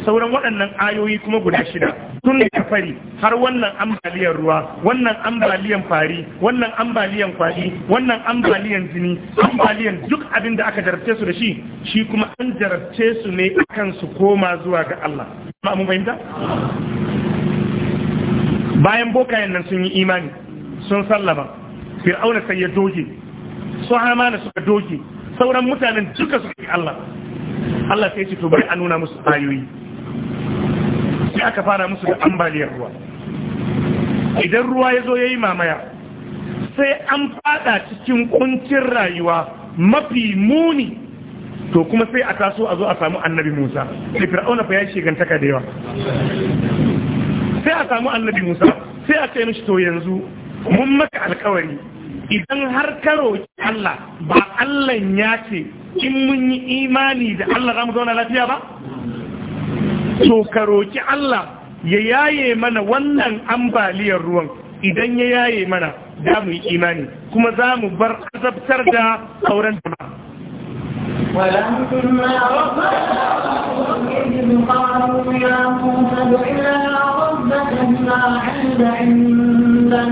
Sauran waɗannan ayoyi kuma guda shida tun da fari har wannan ambaliyar ruwa, wannan ambaliyar fari, wannan ambaliyar kwaɗi, wannan ambaliyar jini, ambaliyar duk abin da aka jarabce su da shi, shi kuma an jarabce su ne akan su koma zuwa ga Allah. fahimta? Bayan bokayen nan sun yi imani, sun sallama, fir'auna sai ya doge su hamana suka doge sauran mutanen duka suka yi Allah Allah sai ce to bari a nuna musu ayoyi sai aka fara musu da ambaliyar ruwa idan ruwa ya zo ya yi mamaya sai an fada cikin kuncin rayuwa mafi muni to kuma sai a taso a zo a samu annabi musa sai fir'auna fa ya gantaka da yawa sai a samu annabi musa sai a ce mishi to yanzu mun maka alkawari idan har ka roƙi Allah ba Allah ya ce in mun yi imani da Allah za mu zauna lafiya ba to ka roƙi Allah ya yaye mana wannan ambaliyar ruwan idan ya yaye mana za mu yi imani kuma za mu bar azabtar da sauran jama'a ba. قالوا يا موسى ادع لنا ربك بما عند عندك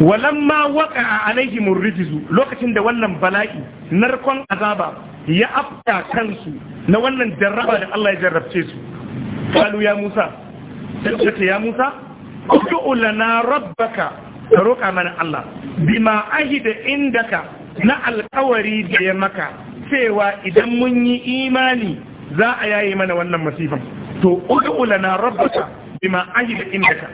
walamma a alaihi murrijizu lokacin da wannan bala'i narkon azaba ya afta kansu na wannan jarraba da Allah ya jarrabce su kalu ya Musa sai ya Musa ud'u lana rabbaka ka roka mana Allah bima ahida indaka na alkawari da ya maka cewa idan mun yi imani za a yayi mana wannan masifan to ud'u lana rabbaka bima ahida indaka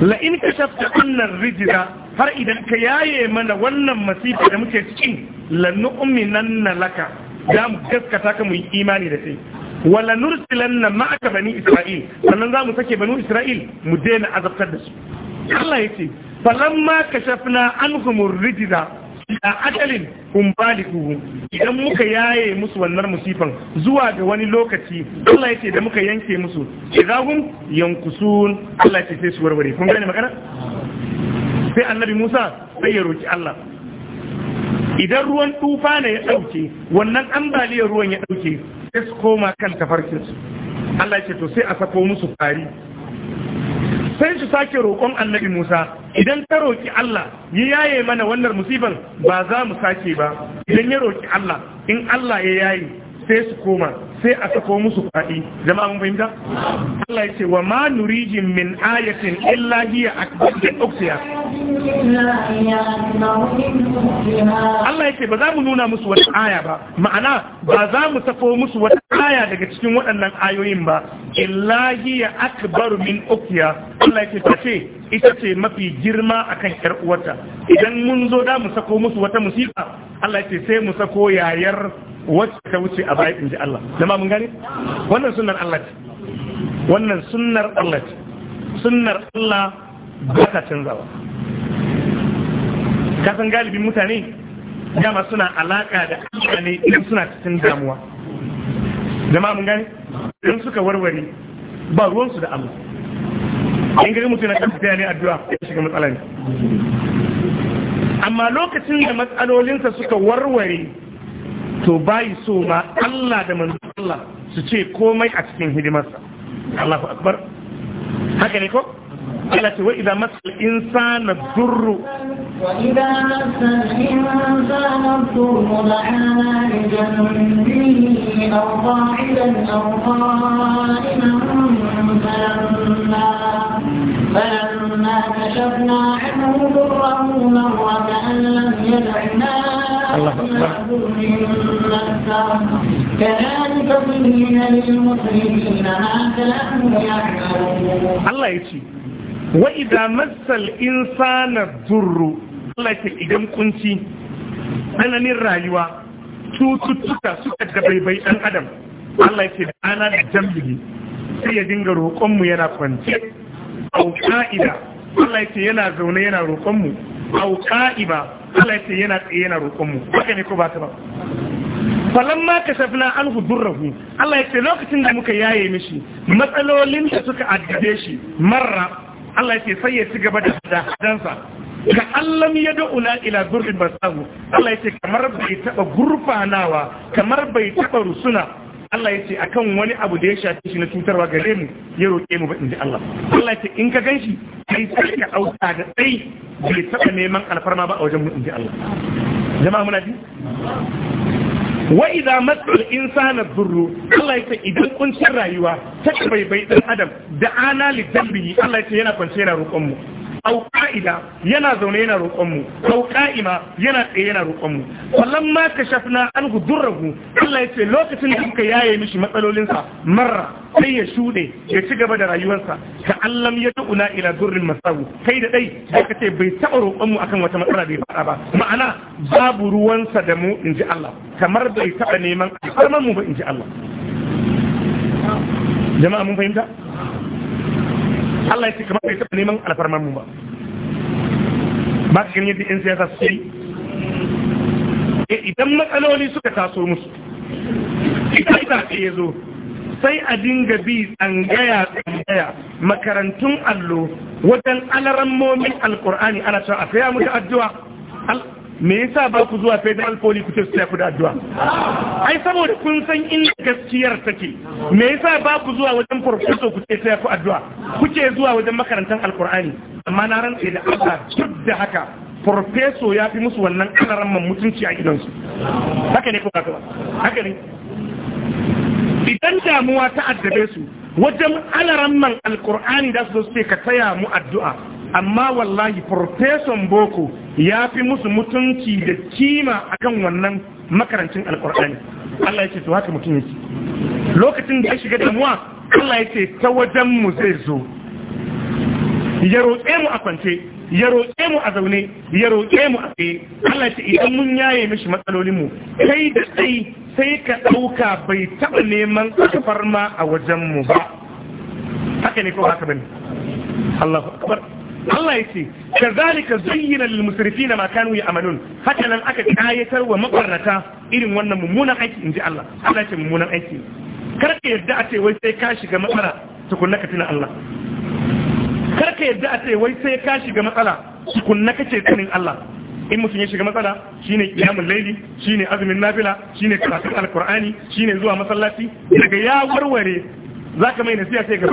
la'in ka shafta wannan rijida har idan ka yaye mana wannan masifa da muke cikin lannu umminan na laka za mu gaskata ka mu yi imani da kai wala nursilan na ma'aka bani isra'il sannan za mu sake banin isra'il mu daina azabtar da su Allah ya ce falamma kashafna anhumur rijida da ajalin kun baliguhu idan muka yaye musu wannan musifan zuwa ga wani lokaci Allah yace da muka yanke musu idahum yankusun Allah yace sai su warware kun gane magana sai annabi Musa sai ya roki Allah idan ruwan tufa ne ya dauke wannan ambaliyar ruwan ya dauke sai su koma kan tafarkin su Allah yace to sai a sako musu fari sai su sake roƙon annabi Musa idan ta roƙi Allah ya yaye mana wannan musibar ba za mu sake ba idan ya roƙi Allah in Allah ya yaye sai su koma sai a sako musu fa'i jama'a mun fahimta Allah ya ce wa ma nurijin min ayatin illa hiya akbar da uksiya Allah ya ce ba za mu nuna musu wata aya ba ma'ana ba za mu sako musu wata aya daga cikin waɗannan ayoyin ba illa hiya akbar min uksiya Allah ya ce ba ce ita ce mafi girma akan yar uwarta idan mun zo da mu sako musu wata musiba Allah ya ce sai mu sako yayar wacce ta wuce a baya inji Allah jama'a mun gane wannan sunnar Allah ce wannan sunnar Allah ce sunnar Allah ba ta canzawa ka san galibin mutane dama suna alaka da Allah ne idan suna cikin damuwa jama'a mun gane idan suka warware ba ruwansu da Allah in gari mutum na kan tafiya ne addu'a ya shiga matsala ne amma lokacin da matsalolinsa suka warware to bayi so ma Allah da manzo Allah su ce komai a cikin hidimarsa Allahu akbar haka ne ko Allah ce wa idan masal insana durru وإذا مس الإنسان الضر دعانا لجنبه أو قاعدا أو قائما فلما فلما كشفنا عنه ضره مر كأن لم يدعنا كذلك زين للمسلمين ما كانوا يعملون الله يجزي وإذا مس الإنسان الضر Allah ce idan kunci tsananin rayuwa cututtuka suka baibai ɗan adam Allah ce da ana da jambihi sai ya dinga roƙonmu yana kwance au ka'ida Allah ce yana zaune yana roƙonmu au ka'iba Allah ce yana tsaye yana roƙonmu Baka ne ko ba ta ba na an anhu durrahu Allah ya ce lokacin da muka yaye mishi matsalolin da suka addabe shi marra Allah ya ce sai ya ci gaba da hadansa ka allam ya da'una ila gurbin masahu Allah ya ce kamar bai taɓa gurfanawa kamar bai taɓa rusuna Allah ya ce akan wani abu da ya shafi shi na cutarwa gare mu ya roƙe mu ba inji Allah Allah ya ce in ka ganshi kai sai ka auta da tsayi bai taɓa neman alfarma ba a wajen mu inji Allah jama'a muna ji wa idza masal insana dhurru Allah ya ce idan kuncin rayuwa ta bai bai dan adam da ana li dambi Allah ya ce yana kwance yana roƙon mu au qa'ida yana zaune yana roƙon mu au yana tsaye yana roƙon mu wallan ma kashafna an gudurrahu Allah yace lokacin da muka yaye mishi matsalolin sa marra sai ya shude ya ci gaba da rayuwarsa ka allam ya da'una ila durrin masawu kai da dai da kace bai taɓa roƙon mu akan wata matsala bai faɗa ba ma'ana babu ruwansa da mu inji Allah kamar bai taɓa neman alfarman mu ba inji Allah jama'a mun fahimta Allah ya ce kamar bai taɓa neman alfarmar mu ba ba ka ganin yadda siyasa su yi eh, idan matsaloli suka taso musu ita ita ya zo sai a dinga bi tsangaya tsangaya makarantun allo wajen alarammomin Alƙur'ani ana cewa a saya mutu addu'a me yasa ba ku zuwa federal police ku ce su ku da addu'a ai saboda kun san inda gaskiyar take me yasa ba ku zuwa wajen professor ku ce sai ku addu'a kuke zuwa wajen makarantar alqur'ani amma na rantse da Allah duk da haka profeso ya fi musu wannan man mutunci a gidansu haka ne ko ba haka ne idan damuwa ta addabe su wajen alaran man alqur'ani da su ce ka taya mu addu'a amma wallahi farfeson boko ya fi musu mutunci da kima akan wannan makarancin alkur'ani Allah ya ce to haka mutum yake lokacin da ya shiga damuwa Allah ya ce ta wajen mu zai zo ya roƙe mu a kwance ya roƙe mu a zaune ya roƙe mu a tsaye Allah ya ce idan mun yaye mishi matsalolin mu kai da tsayi sai ka ɗauka bai taɓa neman kafarma a wajen mu ba haka ne ko haka bane Allahu akbar Allah ya ce, ka "Kazalika zuyyina lil musrifina ma kanu ya'malun." Haka nan aka kayatar wa makwarnata irin wannan mummunan aiki in ji Allah. Allah ce mummunan aiki. Kar ka yarda a ce wai sai ka shiga matsala tukunna ka tuna Allah. Kar ka yadda a ce wai sai ka shiga matsala tukunna ka ce tunin Allah. in mutum ya shiga matsala shine kiyamul laili shine azumin nafila shine karatun alqur'ani shine zuwa masallaci daga ya warware za zaka mai nasiha sai ga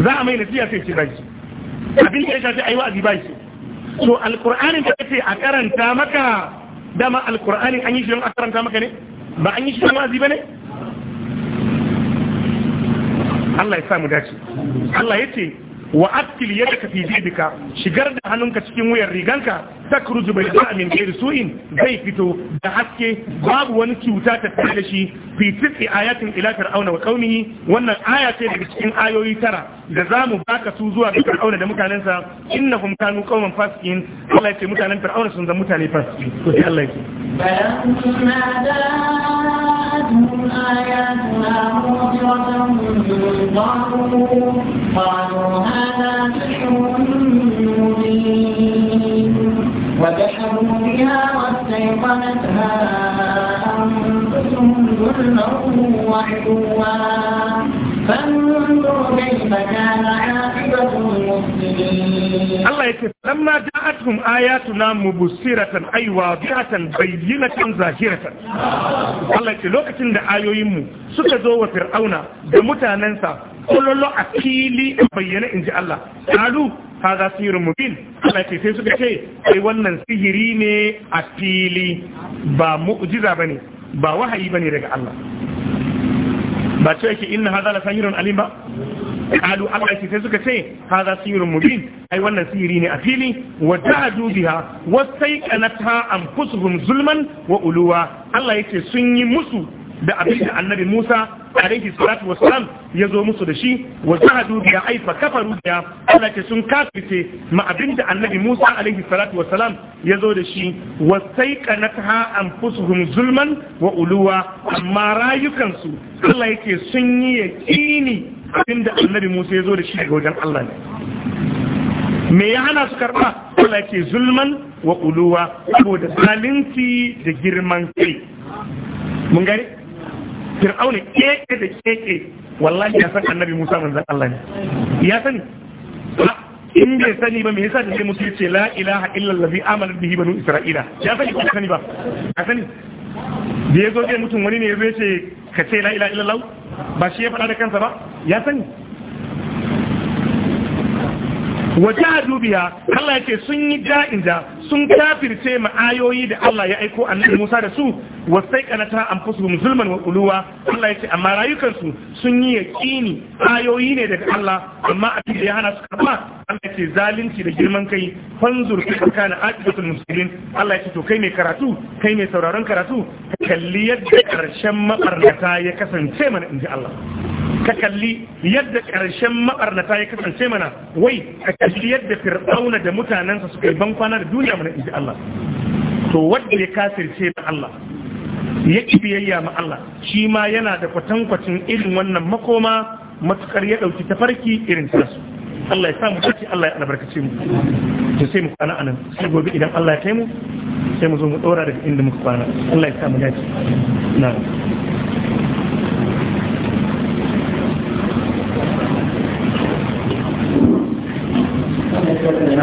za a mai siya sai ce shi abin da ya shafi yi wa'azi shi so alkur'anin da ce a karanta maka dama alkur'anin an yi shi don a karanta maka ne ba an yi shi don wa'azi ne Allah ya samu dace Allah ya ce wa akil ka fi jibika shigar da hannunka cikin wuyar riganka ta takruju bai da min kai su'in zai fito da haske babu wani cuta ta tare da shi fi a ayatin ila fir'auna wa qaumihi wannan aya ce daga cikin ayoyi tara da zamu baka su zuwa ga fir'auna da mutanensa innahum kanu qauman fasikin Allah ya ce mutanen fir'auna sun zama mutane fasiki فلما جاءتهم آياتنا مبصرة قالوا قالوا هذا سحر مبين وجحدوا بها واستيقنتها أنفسهم ظلما وعلوا فانظر كيف كان عاقبة المفسدين lamma ja'atuhum ayatuna mubsiratan ay wadihatan bayyinatan zahiratan Allah ce lokacin da ayoyinmu suka zo wa fir'auna da mutanensa kullolo a fili bayyana inji Allah qalu hadha sirrun mubin Allah ce sai suka ce ai wannan sihiri ne a fili ba mu'jiza bane ba wahayi bane daga Allah ba ce yake inna hadha la sahirun alim ba kalu Allah ce sai suka ce Ha hadha sirrun mubin ai wannan sirri ne a fili wa ta'adu biha wa sayqanata anfusuhum zulman wa uluwa Allah yace sun yi musu da abin da annabi Musa alaihi salatu wassalam ya zo musu da shi wa zahadu biya ai fa kafaru biya Allah ce sun kafirce ma abin da annabi Musa alaihi salatu wassalam ya zo da shi wa saiqanatha anfusuhum zulman wa uluwa amma rayukansu Allah yake sun yi yaqini abinda annabi Musa ya zo da shi daga wajen Allah ne me ya hana su karɓa Allah ce zulman wa ƙuluwa saboda zalunci da girman kai mun gani fir'auna keke da keke wallahi ya san annabi Musa manzon Allah ne ya sani in bai sani ba me yasa da sai ya ce la ilaha illa allazi amana bihi banu isra'ila ya sani ko sani ba ya sani da yazo zai mutum wani ne yazo yace ka ce la ilaha illa allah ba shi ya faɗa da kansa ba ya sani a dubiya, Allah ya ce sun yi ja'inja sun kafirce ma'ayoyi ayoyi da Allah ya aiko a Musa da su an anfusuhum zulman wa uluwa Allah ya ce amma rayukansu sun yi yaƙini ayoyi ne daga Allah amma abin da ya hana su karba Allah ya ce zalunci da girman kai fanzur fi kana aqibatul muslimin Allah ya ce to kai ne karatu kai ne sauraron karatu kalli yadda ƙarshen mabarnata ya kasance mana inji Allah ka kalli yadda ƙarshen maɓarnata ya kasance mana wai ka kalli yadda fir'auna da mutanensa suka yi ban kwana da duniya mana inji Allah to wanda ya kasirce ma Allah ya ki biyayya ma Allah shi ma yana da kwatankwacin irin wannan makoma matukar ya ɗauki tafarki irin tasu Allah ya sa mu ɗauki Allah ya albarkace mu to sai mu kwana anan sai gobe idan Allah ya kai mu sai mu zo mu ɗora daga inda muka kwana Allah ya sa samu dace na'am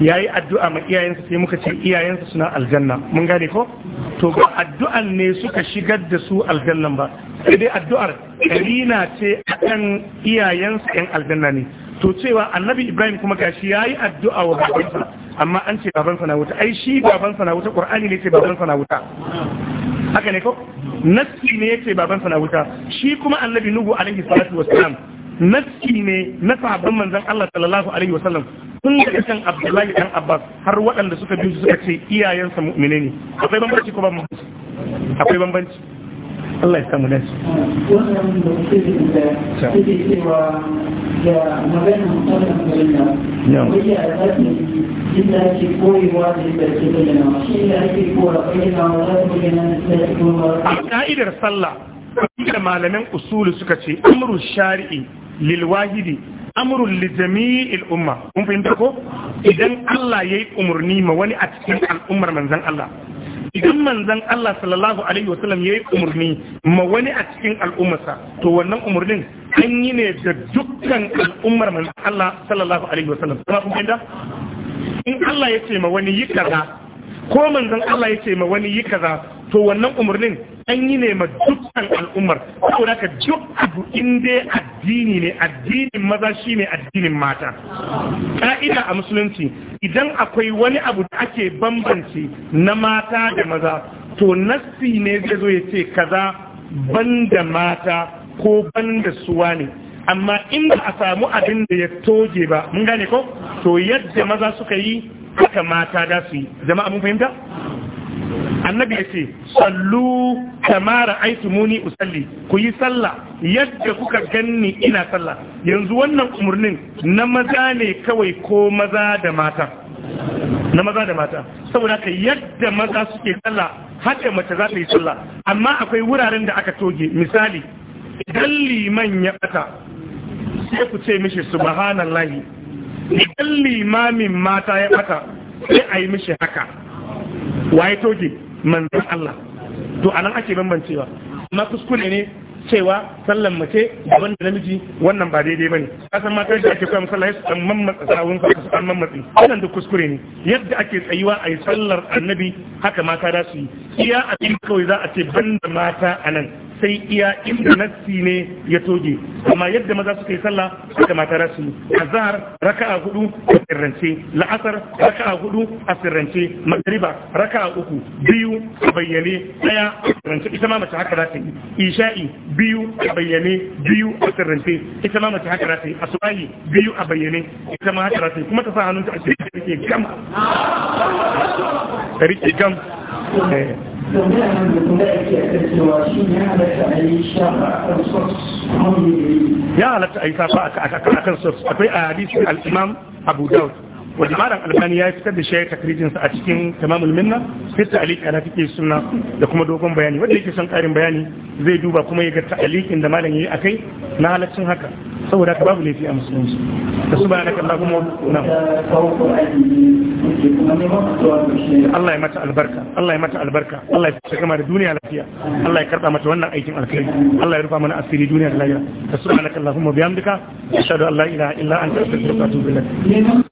ya yi addu'a ma iyayensa sai muka ce iyayensa suna aljanna mun gane ko to ba addu'an ne suka shigar da su aljannan ba sai dai addu'ar karina ce akan iyayensa yan aljanna ne to cewa annabi ibrahim kuma gashi ya yi addu'a wa babansa amma an ce babansa na wuta ai shi babansa na wuta ƙwar'ani ne ce babansa na wuta haka ne ko nassi ne ce babansa na wuta shi kuma annabi nuhu alaihi salatu wassalam naski ne na sahabban manzon Allah sallallahu alaihi wasallam tun daga kan Abdullahi dan Abbas har waɗanda suka bi suka ce iyayensa mu'mine ne akwai bambanci ko ba mu akwai bambanci Allah ya samu da shi wannan da da da maganar ya koyewa da da ake da a ka'idar sallah da malamin usulu suka ce amru shari'i lil wahidi amrun li jami'il umma kun fahimta ko idan Allah yayi umurni ma wani a cikin al'ummar manzon Allah idan manzon Allah sallallahu alaihi wa wasallam yayi umurni ma wani a cikin al'ummarsa to wannan umurnin an yi ne da dukkan al'ummar manzon Allah sallallahu alaihi wa sallam, kuma kun fahimta in Allah ya ce ma wani yi kaza ko manzon Allah ya ce ma wani yi kaza to wannan umurnin an yi ne dukkan al'ummar saboda ka duk abu in dai addini ne addinin maza shi ne addinin mata ka'ida a musulunci idan akwai wani abu da ake bambanci na mata da maza to nassi ne zai zo ya ce kaza ban da mata ko ban da suwa ne amma in ba a samu abin da ya toge ba mun gane ko to yadda maza suka yi haka mata da su yi jama'a mun fahimta annabi ya ce sallu kamara aitumuni usalli ku yi sallah yadda kuka ganni ina sallah yanzu wannan umarnin na maza ne kawai ko maza da mata na maza da mata saboda ka yadda maza suke sallah haka mace za ta yi sallah amma akwai wuraren da aka toge misali idan liman ya bata sai ku ce mishi subhanallahi idan limamin mata ya bata sai a yi mishi haka waye toge manzan Allah to anan ake bambancewa amma kuskure ne cewa sallan mace daban da namiji wannan ba daidai bane san mata da ake koya sallah su dan mammatsa sawun ka su dan wannan da kuskure ne yadda ake tsayuwa a yi sallar annabi haka mata da su yi iya abin kawai za a ce banda mata anan sai iya inda nassi ne ya toge amma yadda maza suka yi sallah suka mata rasu azhar raka'a hudu a sirrance la'asar raka'a hudu a sirrance magriba raka'a uku biyu a bayyane daya a sirrance ita ma mace haka za ta yi isha'i biyu a bayyane biyu a sirrance ita ma mace haka za ta yi asubahi biyu a bayyane ita ma haka za ta yi kuma ta sa hannunta a cikin rike gam rike gam eh. تماما بأولئك التواشين يعلت أي شرع القصص يا لك أي فاقك أكل صرص أكل أحاديث الإمام أبو داود wanda malam albani ya fitar da shayar takrijinsa a cikin tamamul minna sai ta'aliki ala fiqh suna da kuma dogon bayani wanda yake son karin bayani zai duba kuma ya ga ta'alikin da malam yayi akai na halaccin haka saboda ka babu laifi a musulunci da subhanaka allahumma na Allah ya mata albarka Allah ya mata albarka Allah ya saka mana duniya lafiya Allah ya karba mata wannan aikin alkhairi Allah ya rufa mana asiri duniya da lahira subhanaka allahumma bihamdika ashhadu an la ilaha illa anta astaghfiruka wa atubu ilaik